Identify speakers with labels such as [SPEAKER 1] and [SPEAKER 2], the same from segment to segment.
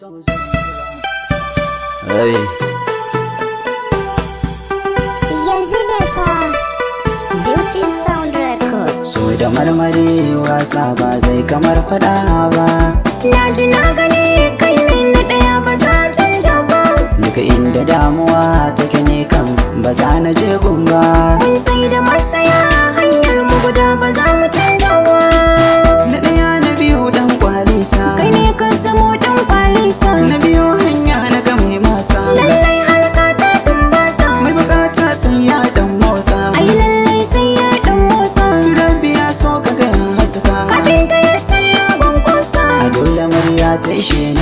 [SPEAKER 1] Yanzu ne da marmari wasa ba zai kamar fada ba Na ji na gani kai ne na ɗaya ba za canja ba Daga inda damuwa take ne kan ba za na je ba Mun sai da masaya hanyar mu guda ba za mu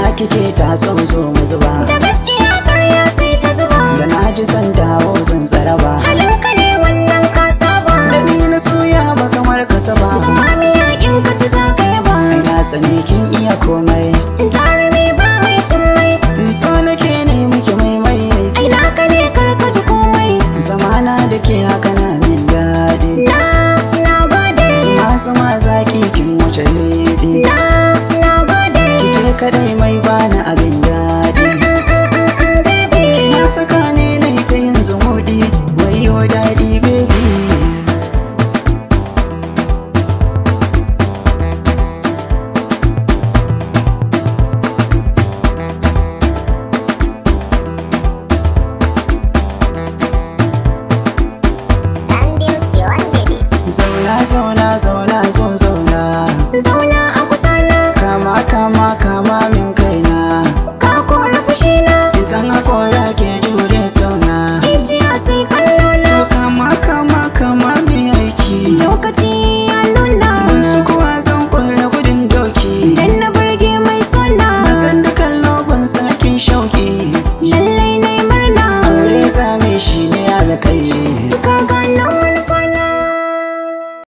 [SPEAKER 1] ina kike ta so zo mu zuba da gaskiya karya sai ta zuba da na ji san dawo zan tsara ba halinka ne wannan ka saba da ni na ba kamar ka saba zama mi yakin ka ci za ka yaba na sani kin iya komai jarumi ba mai cin mai so nake ne miki mai mai ai naka ne kar ka ji komai zamana da ke haka na min daɗi na na gode zuma zuma zaki kin wuce ne kadai mai bani abin daɗi kina saka ne na ta yin zumuɗi wayo daɗi baby Zauna, zauna, zauna, zo, zauna ¡Gracias!